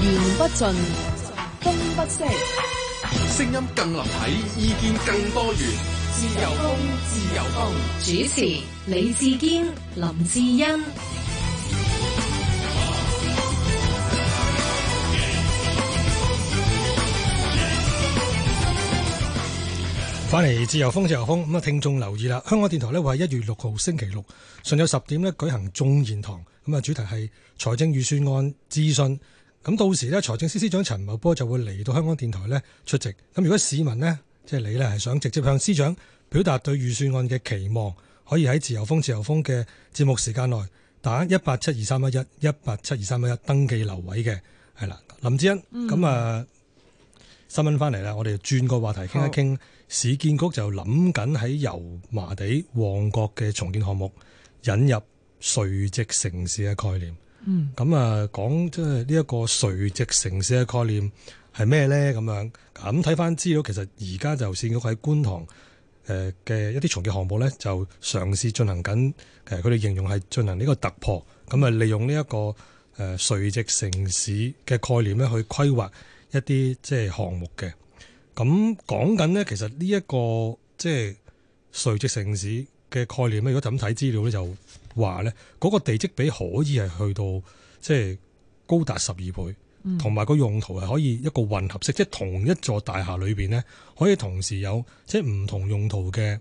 言不盡，風不息，聲音更立體，意見更多元。自由風，自由風。主持李志堅、林志恩。翻嚟自由風，自由風。咁啊，聽眾留意啦，香港電台呢會喺一月六號星期六上晝十點呢舉行眾言堂，咁啊，主題係財政預算案資訊。咁到時咧，財政司司長陳茂波就會嚟到香港電台咧出席。咁如果市民咧，即係你咧，係想直接向司長表達對預算案嘅期望，可以喺自由風自由風嘅節目時間內打一八七二三一一一八七二三一一登記留位嘅，係啦。林志恩，咁啊，新聞返嚟啦，我哋轉個話題傾一傾，市建局就諗緊喺油麻地旺角嘅重建項目引入垂直城市嘅概念。嗯，咁、嗯、啊，講即係呢一個垂直城市嘅概念係咩咧？咁樣咁睇翻資料，其實而家就似乎喺觀塘誒嘅、呃、一啲重建項目咧，就嘗試進行緊誒，佢、呃、哋形容係進行呢個突破，咁啊利用呢一個誒垂直城市嘅概念咧，去規劃一啲即係項目嘅。咁講緊咧，其實呢、這、一個即係、就是、垂直城市嘅概念咧，如果就咁睇資料咧，就。話咧，嗰個地積比可以係去到即係高達十二倍，同埋個用途係可以一個混合式，即係同一座大廈裏邊咧，可以同時有即係唔同用途嘅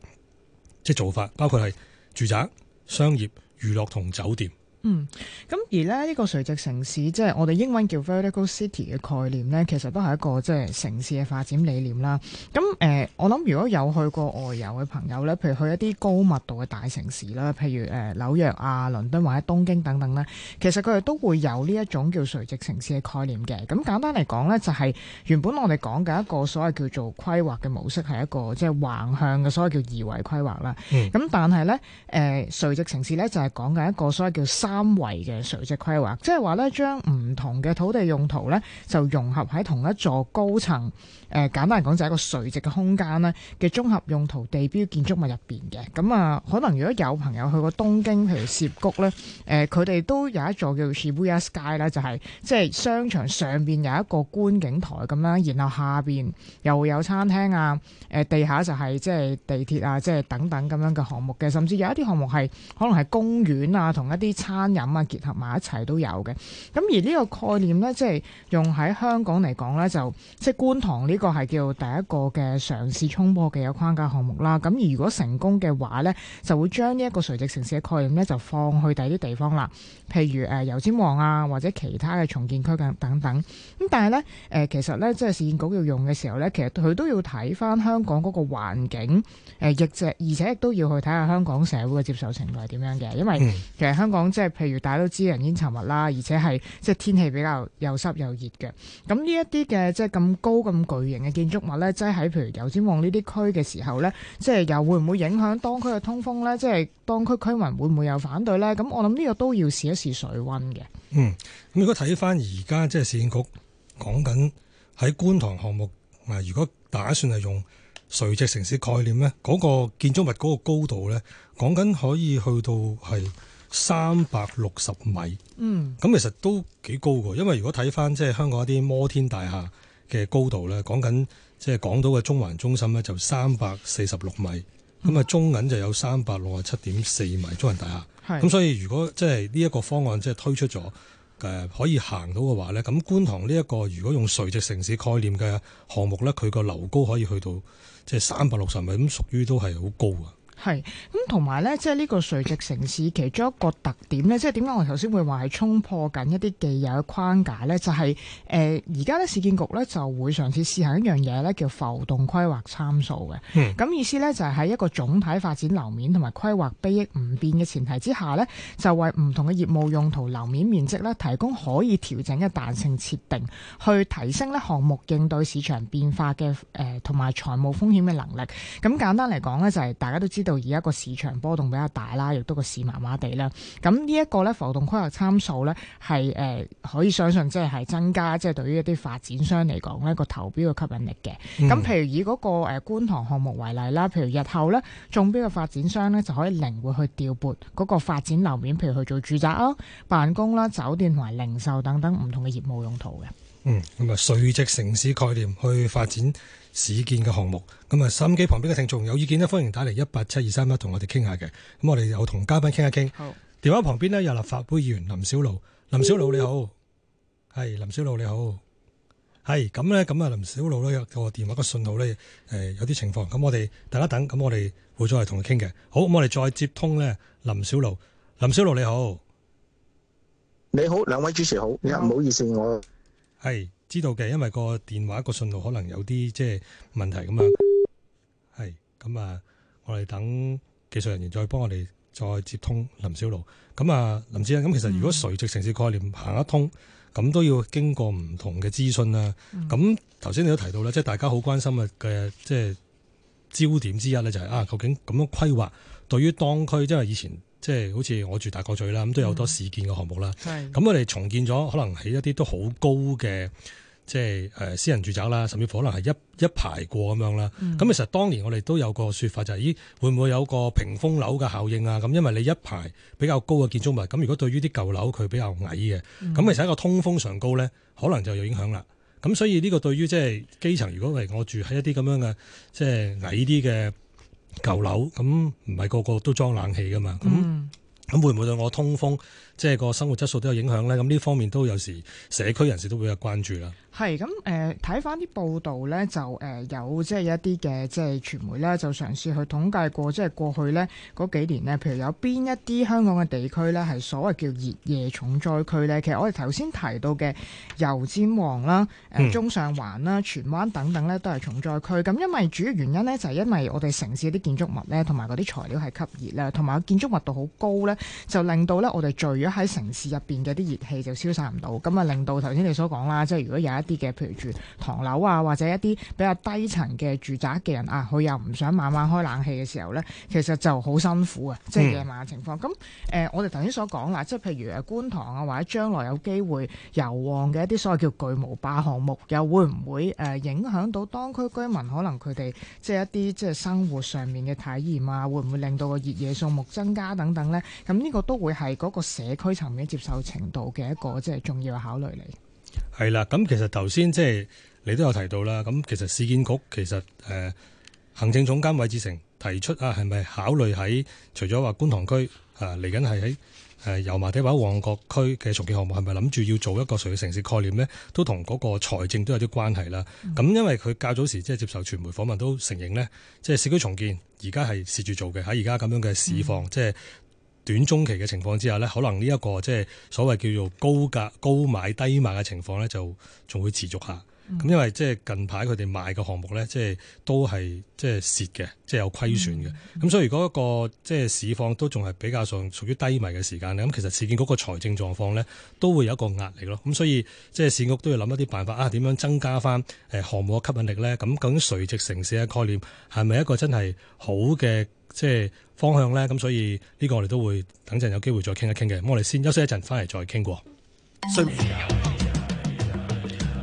即係做法，包括係住宅、商業、娛樂同酒店。嗯，咁而咧呢個垂直城市，即係我哋英文叫 vertical city 嘅概念咧，其實都係一個即係城市嘅發展理念啦。咁誒，我諗如果有去過外遊嘅朋友咧，譬如去一啲高密度嘅大城市啦，譬如誒紐約啊、倫敦或者東京等等啦，其實佢哋都會有呢一種叫垂直城市嘅概念嘅。咁簡單嚟講咧，就係原本我哋講嘅一個所謂叫做規劃嘅模式係一個即係橫向嘅，所謂叫二維規劃啦。咁，嗯，但係咧，誒垂直城市咧就係講緊一個所謂叫三維嘅垂直規劃，即係話咧將唔同嘅土地用途咧就融合喺同一座高層，誒，簡單講就係一個垂直嘅空間咧嘅綜合用途地標建築物入邊嘅。咁啊，可能如果有朋友去過東京，譬如涉谷咧，誒佢哋都有一座叫做 Shibuya Sky，就係即係商場上邊有一個觀景台咁樣，然後下邊又有餐廳啊，誒地下就係即係地鐵啊，即係等等咁樣嘅項目嘅。甚至有一啲項目係可能係公園啊，同一啲餐餐飲啊結合埋一齊都有嘅，咁而呢個概念呢，即係用喺香港嚟講呢，就即係、就是、觀塘呢個係叫第一個嘅嘗試衝破嘅一個框架項目啦。咁如果成功嘅話呢，就會將呢一個垂直城市嘅概念呢，就放去第啲地方啦，譬如誒油尖旺啊或者其他嘅重建區等等。咁但係呢，誒，其實呢，即係市建局要用嘅時候呢，其實佢都要睇返香港嗰個環境誒，亦即而且亦都要去睇下香港社會嘅接受程度係點樣嘅，因為其實香港即係。譬如大家都知人煙稠密啦，而且係即係天氣比較又濕又熱嘅。咁呢一啲嘅即係咁高咁巨型嘅建築物咧，即係喺譬如油尖旺呢啲區嘅時候咧，即係又會唔會影響當區嘅通風咧？即係當區居民會唔會有反對咧？咁我諗呢個都要試一試水溫嘅。嗯，咁如果睇翻而家即係市建局講緊喺觀塘項目啊，如果打算係用垂直城市概念咧，嗰、嗰個建築物嗰個高度咧，講緊可以去到係。三百六十米，嗯，咁其實都幾高噶因為如果睇翻即係香港一啲摩天大廈嘅高度咧，講緊即係港島嘅中環中心咧就三百四十六米，咁啊中銀就有三百六十七點四米中環大廈，係，咁所以如果即係呢一個方案即係推出咗，誒可以行到嘅話咧，咁觀塘呢一個如果用垂直城市概念嘅項目咧，佢個樓高可以去到即係三百六十米，咁屬於都係好高啊。係咁，同埋咧，即係呢個垂直城市其中一個特點咧，即係點解我頭先會話係衝破緊一啲既有嘅框架咧？就係、是、誒，而家咧市建局咧就會嘗試試行一樣嘢咧，叫浮動規劃參數嘅。咁、嗯、意思咧就係喺一個總體發展樓面同埋規劃收益唔變嘅前提之下咧，就為唔同嘅業務用途樓面面積咧提供可以調整嘅彈性設定，去提升咧項目應對市場變化嘅誒同埋財務風險嘅能力。咁簡單嚟講咧，就係大家都知。到而家個市場波動比較大啦，亦都個市麻麻地啦。咁呢一個咧浮動規劃參數咧，係、呃、誒可以相信即係係增加，即、就、係、是、對於一啲發展商嚟講咧個投標嘅吸引力嘅。咁、嗯、譬如以嗰個誒觀塘項目為例啦，譬如日後咧中標嘅發展商咧就可以靈活去調撥嗰個發展樓面，譬如去做住宅啊、辦公啦、酒店同埋零售等等唔同嘅業務用途嘅。嗯，咁啊，垂直城市概念去發展。市建嘅項目，咁啊，收音機旁邊嘅聽眾有意見咧，歡迎打嚟一八七二三一同我哋傾下嘅。咁我哋有同嘉賓傾一傾。好，電話旁邊咧有立法會議員林筱魯，林筱魯你好，係林筱魯你好，係咁咧，咁啊林筱魯咧有個電話個信號咧誒有啲情況，咁我哋等一等，咁我哋會再嚟同佢傾嘅。好，咁我哋再接通咧，林筱魯，林筱魯你好，你好，兩位主持好，啊唔好意思，我係。知道嘅，因為個電話、個信號可能有啲即係問題，咁樣係咁啊，我哋等技術人員再幫我哋再接通林筱魯。咁啊，林先生，咁其實如果垂直城市概念行得通，咁、嗯、都要經過唔同嘅諮詢啦。咁頭先你都提到啦，即係大家好關心嘅即係焦點之一咧，就係、是、啊，究竟咁樣規劃，對於當區，即係以前。即係好似我住大角咀啦，咁都有好多市建嘅項目啦。咁我哋重建咗，可能起一啲都好高嘅，即、呃、係私人住宅啦，甚至可能係一一排過咁樣啦。咁、嗯、其實當年我哋都有個說法、就係，就係咦會唔會有個屏風樓嘅效應啊？咁因為你一排比較高嘅建築物，咁如果對於啲舊樓佢比較矮嘅，咁、嗯、其實一個通風上高咧，可能就有影響啦。咁所以呢個對於即係基層，如果係我住喺一啲咁樣嘅即係矮啲嘅。舊樓咁唔係個個都裝冷氣㗎嘛，咁咁、嗯、會唔會對我通風？即係個生活質素都有影響咧，咁呢方面都有時社區人士都會有關注啦。係咁誒，睇返啲報道咧，就誒、呃、有即係一啲嘅即係傳媒咧，就嘗試去統計過，即、就、係、是、過去呢，嗰幾年呢，譬如有邊一啲香港嘅地區咧係所謂叫熱夜重災區咧。其實我哋頭先提到嘅油尖旺啦、誒、啊、中上環啦、荃灣等等咧，都係重災區。咁、嗯、因為主要原因咧就係、是、因為我哋城市啲建築物咧同埋嗰啲材料係吸熱啦，同埋建築密度好高咧，就令到咧我哋聚喺城市入邊嘅啲熱氣就消散唔到，咁啊令到頭先你所講啦，即係如果有一啲嘅，譬如住唐樓啊，或者一啲比較低層嘅住宅嘅人啊，佢又唔想晚晚開冷氣嘅時候咧，其實就好辛苦啊，即係夜晚嘅情況，咁、嗯、誒、呃、我哋頭先所講啦，即係譬如誒觀塘啊，或者將來有機會油旺嘅一啲所謂叫巨無霸項目，又會唔會誒影響到當區居民，可能佢哋即係一啲即係生活上面嘅體驗啊，會唔會令到個熱夜數目增加等等咧？咁呢個都會係嗰個社區層嘅接受程度嘅一個即係重要考慮嚟。係啦，咁其實頭先即係你都有提到啦。咁其實市建局其實誒行政總監韋志成提出啊，係咪考慮喺除咗話觀塘區啊嚟緊係喺誒油麻地或者旺角區嘅重建項目，係咪諗住要做一個垂直城市概念呢？都同嗰個財政都有啲關係啦。咁、嗯、因為佢較早時即係接受傳媒訪問都承認呢，即係市區重建而家係試住做嘅喺而家咁樣嘅市況，即、嗯、係。短中期嘅情況之下呢，可能呢一個即係所謂叫做高價高買低賣嘅情況呢，就仲會持續下。咁、嗯、因為即係近排佢哋賣嘅項目呢，即係都係即係蝕嘅，即、嗯、係有虧損嘅。咁、嗯嗯、所以如果一個即係市況都仲係比較上屬於低迷嘅時間呢，咁其實事件市建局嗰個財政狀況呢，都會有一個壓力咯。咁所以即係市建局都要諗一啲辦法啊，點樣增加翻、誒項目嘅吸引力呢？咁究竟垂直城市嘅概念係咪一個真係好嘅？即係方向咧，咁所以呢個我哋都會等陣有機會再傾一傾嘅。咁我哋先休息一陣，翻嚟再傾過。歡迎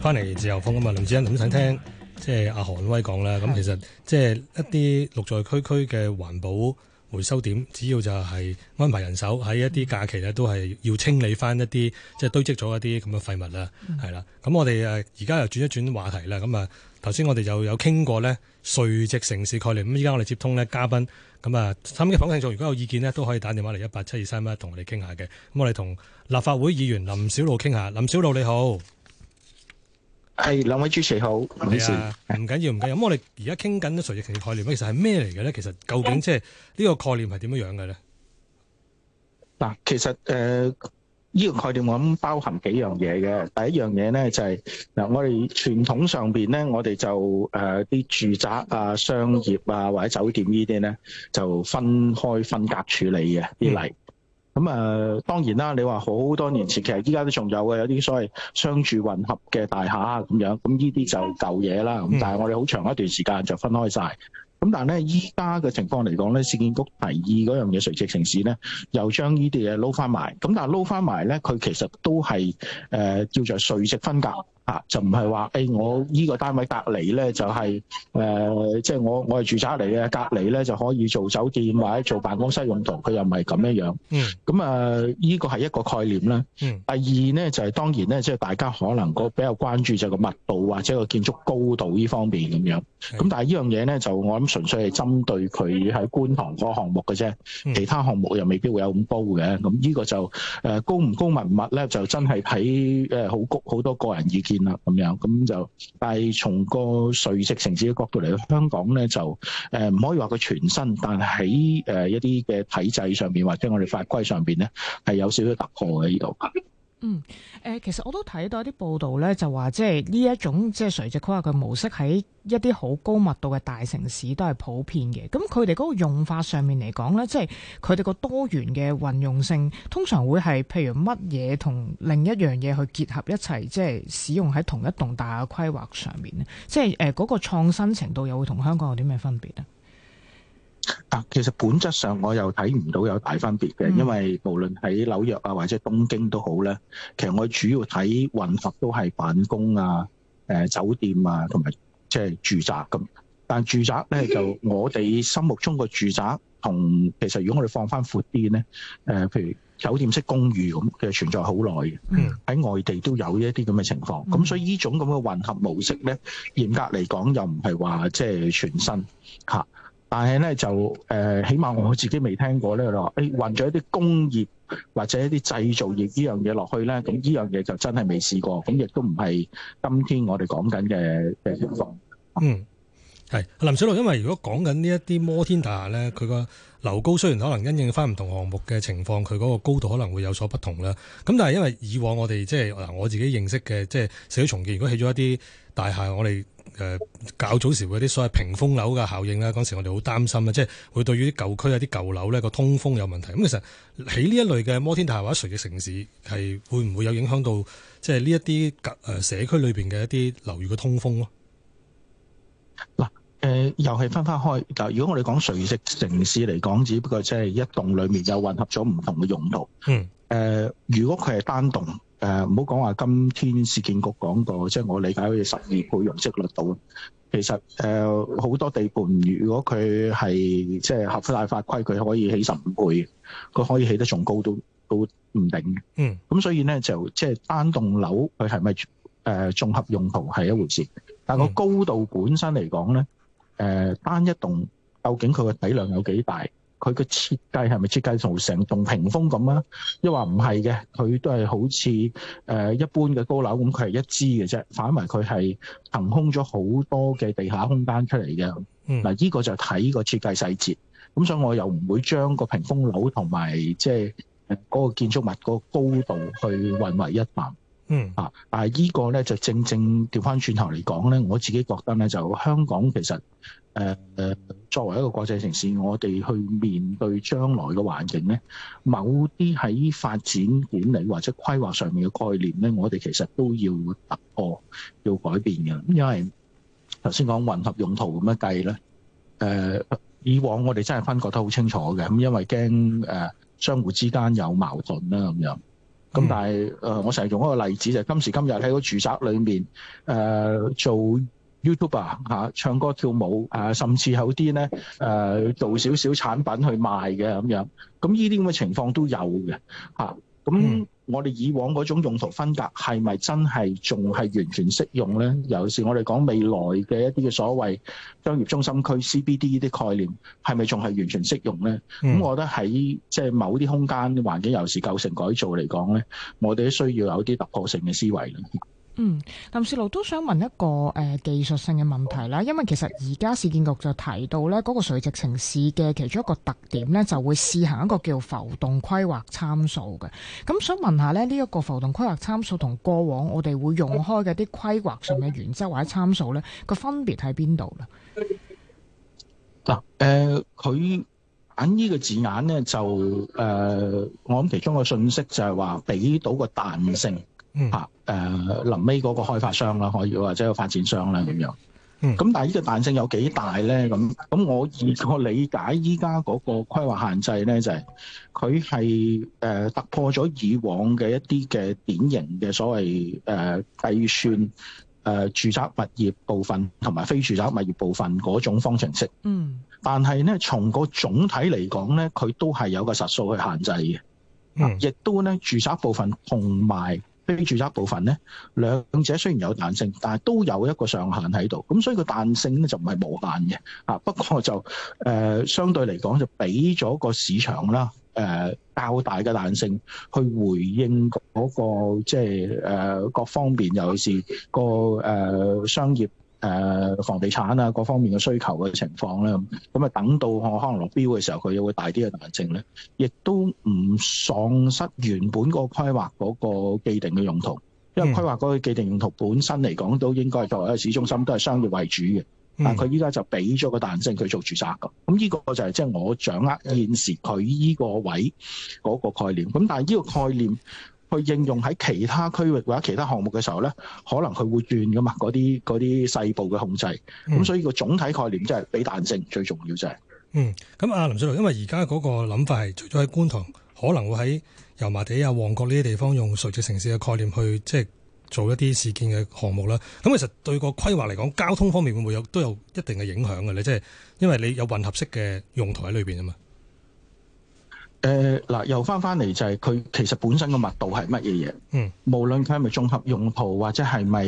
翻嚟自由風啊！嘛，林子欣好想聽即係阿韓威講啦。咁其實即係一啲綠在區區嘅環保回收點，主要就係安排人手喺一啲假期咧，都係要清理翻一啲、嗯、即係堆積咗一啲咁嘅廢物啦。係、嗯、啦，咁我哋誒而家又轉一轉話題啦。咁啊，頭先我哋就有傾過咧。垂直城市概念，咁依家我哋接通咧嘉賓，咁啊，參嘅訪聽眾如果有意見呢，都可以打電話嚟，一八七二三一，同我哋傾下嘅。咁我哋同立法會議員林筱魯傾下。林筱魯你好，係兩位主持好，唔該晒，唔緊要唔緊要。咁、嗯、我哋而家傾緊咧垂直城市概念，其實係咩嚟嘅咧？其實究竟即係呢個概念係點樣樣嘅咧？嗱，其實誒。呃呢個概念我諗包含幾樣嘢嘅。第一樣嘢咧就係嗱，我哋傳統上面咧，我哋就誒啲住宅啊、商業啊或者酒店呢啲咧就分開分隔處理嘅。啲例咁啊，當然啦，你話好多年前其實依家都仲有嘅，有啲所謂商住混合嘅大廈咁樣，咁呢啲就舊嘢啦。咁但係我哋好長一段時間就分開晒。咁但係咧，依家嘅情況嚟講咧，市建局提議嗰樣嘢垂直城市咧，又將呢啲嘢撈翻埋。咁但係撈翻埋咧，佢其實都係誒、呃、叫做垂直分隔。啊，就唔係話誒，我呢個單位隔離咧就係、是、誒，即、呃、係、就是、我我係住宅嚟嘅，隔離咧就可以做酒店或者做辦公室用途，佢又唔係咁樣樣。嗯。咁、呃、啊，呢個係一個概念啦。嗯。第二咧就係、是、當然咧，即、就、係、是、大家可能個比較關注就個個密度或者個建築高度呢方面咁樣。咁但係呢樣嘢咧就我諗純粹係針對佢喺觀塘個個項目嘅啫，其他項目又未必會有咁高嘅。咁呢個就誒高唔高密度咧，就真係喺誒好高好多個人意見。咁樣，咁就，但係從個垂直城市嘅角度嚟到香港咧就，誒、呃、唔可以話佢全新，但係喺誒一啲嘅體制上面或者我哋法規上邊咧，係有少少突破嘅呢度。嗯，誒、呃，其實我都睇到一啲報道咧，就話即係呢一種即係垂直規劃嘅模式喺一啲好高密度嘅大城市都係普遍嘅。咁佢哋嗰個用法上面嚟講咧，即係佢哋個多元嘅運用性通常會係譬如乜嘢同另一樣嘢去結合一齊，即係使用喺同一棟大嘅規劃上面咧。即係誒嗰個創新程度又會同香港有啲咩分別呢？其實本質上我又睇唔到有大分別嘅，因為無論喺紐約啊或者東京都好咧，其實我主要睇混合都係辦公啊、誒酒店啊同埋即係住宅咁。但係住宅咧就我哋心目中個住宅同其實如果我哋放翻闊啲咧，誒譬如酒店式公寓咁嘅存在好耐嘅，喺外地都有一啲咁嘅情況。咁所以呢種咁嘅混合模式咧，嚴格嚟講又唔係話即係全新嚇。但係咧就、呃、起碼我自己未聽過咧，就話混咗一啲工業或者一啲製造業呢樣嘢落去咧，咁呢樣嘢就真係未試過，咁亦都唔係今天我哋講緊嘅嘅情況。嗯，係林筱魯，因為如果講緊呢一啲摩天大廈咧，佢個樓高雖然可能因應翻唔同項目嘅情況，佢嗰個高度可能會有所不同啦。咁但係因為以往我哋即係嗱，即係、我自己認識嘅即係社重建，如果起咗一啲大廈，我哋。誒、呃、較早時嗰啲所謂屏風樓嘅效應啦，嗰時我哋好擔心咧，即係會對於啲舊區、啲舊樓咧個通風有問題。咁其實喺呢一類嘅摩天大廈或者垂直城市，係會唔會有影響到即係呢一啲社區裏面嘅一啲樓宇嘅通風咯？嗱、呃，誒又係分返開。但係如果我哋講垂直城市嚟講，只不過即係一棟裏面又混合咗唔同嘅用途。嗯。呃、如果佢係單棟。誒唔好講話，今天市建局講過，即係我理解好似十二倍容積率度。其實誒好多地盤，如果佢係即係合法大法規，佢可以起十五倍，佢可以起得仲高都都唔定嘅。嗯，咁所以咧就即係單棟樓佢係咪誒綜合用途係一回事，但係個高度本身嚟講咧，誒單一棟究竟佢個體量有幾大？佢個設計係咪設計同成棟屏風咁啊？因為唔係嘅，佢都係好似誒、呃、一般嘅高樓咁，佢係一支嘅啫。反為佢係騰空咗好多嘅地下空間出嚟嘅。嗱、嗯，呢個就睇個設計細節。咁所以我又唔會將個屏風樓同埋即係嗰個建築物個高度去混為一談。嗯。啊，但係呢個呢，就正正調翻轉頭嚟講呢，我自己覺得呢，就香港其實。誒、呃、作為一個國際城市，我哋去面對將來嘅環境咧，某啲喺發展管理，理或者規劃上面嘅概念咧，我哋其實都要突破，要改變嘅。因為頭先講混合用途咁樣計咧，誒、呃、以往我哋真係分割得好清楚嘅，咁因為驚誒相互之間有矛盾啦咁樣咁，但係、呃嗯呃、我成日用一個例子就係、是、今時今日喺個住宅裏面誒、呃、做。YouTuber、啊、唱歌跳舞啊，甚至有啲咧誒做少少產品去賣嘅咁樣，咁呢啲咁嘅情況都有嘅嚇。咁、啊、我哋以往嗰種用途分隔係咪真係仲係完全適用呢？尤其是我哋講未來嘅一啲嘅所謂商業中心區 CBD 呢啲概念係咪仲係完全適用呢？咁、嗯、我覺得喺即係某啲空間環境，尤其是舊城改造嚟講呢，我哋都需要有啲突破性嘅思維啦。嗯，林筱魯都想問一個誒、呃、技術性嘅問題啦，因為其實而家市建局就提到咧，嗰個垂直城市嘅其中一個特點咧，就會試行一個叫浮動規劃參數嘅。咁想問下咧，呢、這、一個浮動規劃參數同過往我哋會用開嘅啲規劃上嘅原則或者參數咧，個分別喺邊度咧？嗱、呃，誒，佢揀呢個字眼呢就誒、呃，我諗其中嘅信息就係話俾到個彈性。嗯，嚇、啊，誒臨尾嗰個開發商啦，可以或者個發展商啦咁樣。嗯，咁但係呢個彈性有幾大咧？咁咁我以個理解，依家嗰個規劃限制咧，就係佢係誒突破咗以往嘅一啲嘅典型嘅所謂誒、呃、計算誒住宅物業部分同埋非住宅物業部分嗰種方程式。嗯，但係咧，從個總體嚟講咧，佢都係有個實數去限制嘅。亦、啊嗯、都咧，住宅部分同埋。非住宅部分咧，兩者雖然有彈性，但係都有一個上限喺度。咁所以個彈性咧就唔係無限嘅啊。不過就誒、呃，相對嚟講就俾咗個市場啦誒、呃、較大嘅彈性去回應嗰、嗰個即係誒各方面，尤其是、個誒、呃、商業。誒、呃、房地產啊，各方面嘅需求嘅情況咧，咁咁啊，等到我可能落標嘅時候，佢又會大啲嘅彈性咧，亦都唔喪失原本嗰個規劃嗰個既定嘅用途，因為規劃嗰個既定用途本身嚟講都應該作為喺市中心都係商業為主嘅，但佢依家就俾咗個彈性佢做住宅㗎，咁呢個就係即係我掌握現時佢依個位嗰個概念，咁但係呢個概念。去應用喺其他區域或者其他項目嘅時候咧，可能佢會轉噶嘛？嗰啲嗰啲細部嘅控制，咁、嗯、所以個總體概念真係俾彈性最重要，就係。嗯，咁阿林筱魯，因為而家嗰個諗法係除咗喺觀塘，可能會喺油麻地啊、旺角呢啲地方用垂直城市嘅概念去即係、就是、做一啲事件嘅項目啦。咁其實對個規劃嚟講，交通方面會唔會有都有一定嘅影響㗎咧？即、就、係、是、因為你有混合式嘅用途喺裏面啊嘛。誒嗱，又翻翻嚟就係佢其實本身個密度係乜嘢嘢？嗯，無論佢係咪綜合用途或者係咪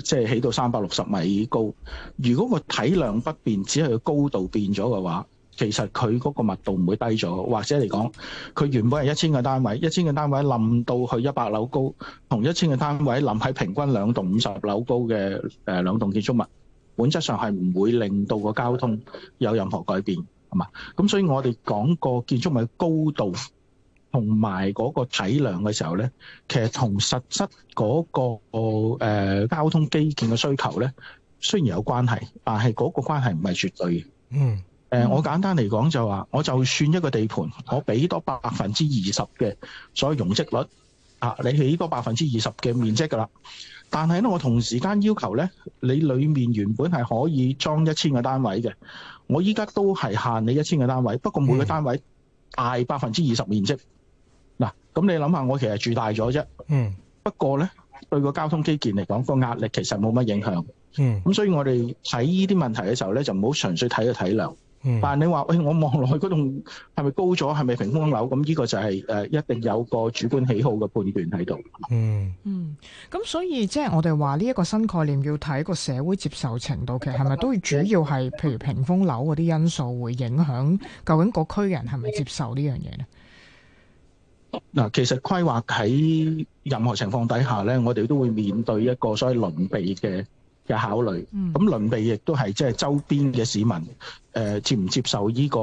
即係起到三百六十米高，如果個體量不變，只係個高度變咗嘅話，其實佢嗰個密度唔會低咗，或者嚟講，佢原本係一千個單位，一千個單位冧到去一百樓高，同一千個單位冧喺平均兩棟五十樓高嘅誒兩棟建築物，本質上係唔會令到個交通有任何改變。係嘛？咁所以我哋講個建築物高度同埋嗰個體量嘅時候呢，其實同實質嗰個、誒、交通基建嘅需求呢，雖然有關係，但係嗰個關係唔係絕對嘅。嗯。誒，我簡單嚟講就話，我就算一個地盤，我俾多百分之二十嘅所謂容積率，啊，你起多百分之二十嘅面積㗎啦。但係呢我同時間要求呢，你裏面原本係可以裝一千個單位嘅。我依家都係限你一千個單位，不過每個單位大百分之二十面積嗱。咁你諗下，我其實住大咗啫。嗯。不過呢，對個交通基建嚟講，個壓力其實冇乜影響。嗯。咁所以，我哋睇呢啲問題嘅時候呢，就唔好純粹睇個體量。嗯、但你話，喂，哎，我望落去嗰棟係咪高咗？係咪屏風樓？咁呢個就係、是、誒、呃，一定有個主觀喜好嘅判斷喺度。嗯嗯，咁所以即係我哋話呢一個新概念，要睇個社會接受程度，其實係咪都會主要係譬如屏風樓嗰啲因素會影響，究竟個區人係咪接受這件事呢樣嘢呢？嗱，其實規劃喺任何情況底下呢，我哋都會面對一個所謂鄰避嘅。嘅考慮，咁鄰避亦都係即係周邊嘅市民，誒接唔接受呢個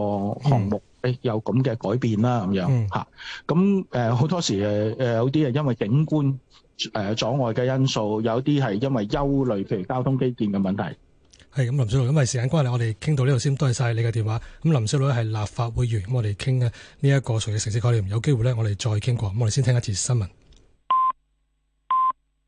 項目？誒有咁嘅改變啦，咁樣嚇。咁誒好多時誒誒有啲係因為景觀誒阻礙嘅因素，有啲係因為憂慮，譬如交通基建嘅問題。係咁，林筱魯，因為時間關係，我哋傾到呢度先，多謝曬你嘅電話。咁林筱魯咧係立法會議員，咁我哋傾嘅呢一個垂直城市概念，有機會咧我哋再傾過。咁我哋先聽一節新聞。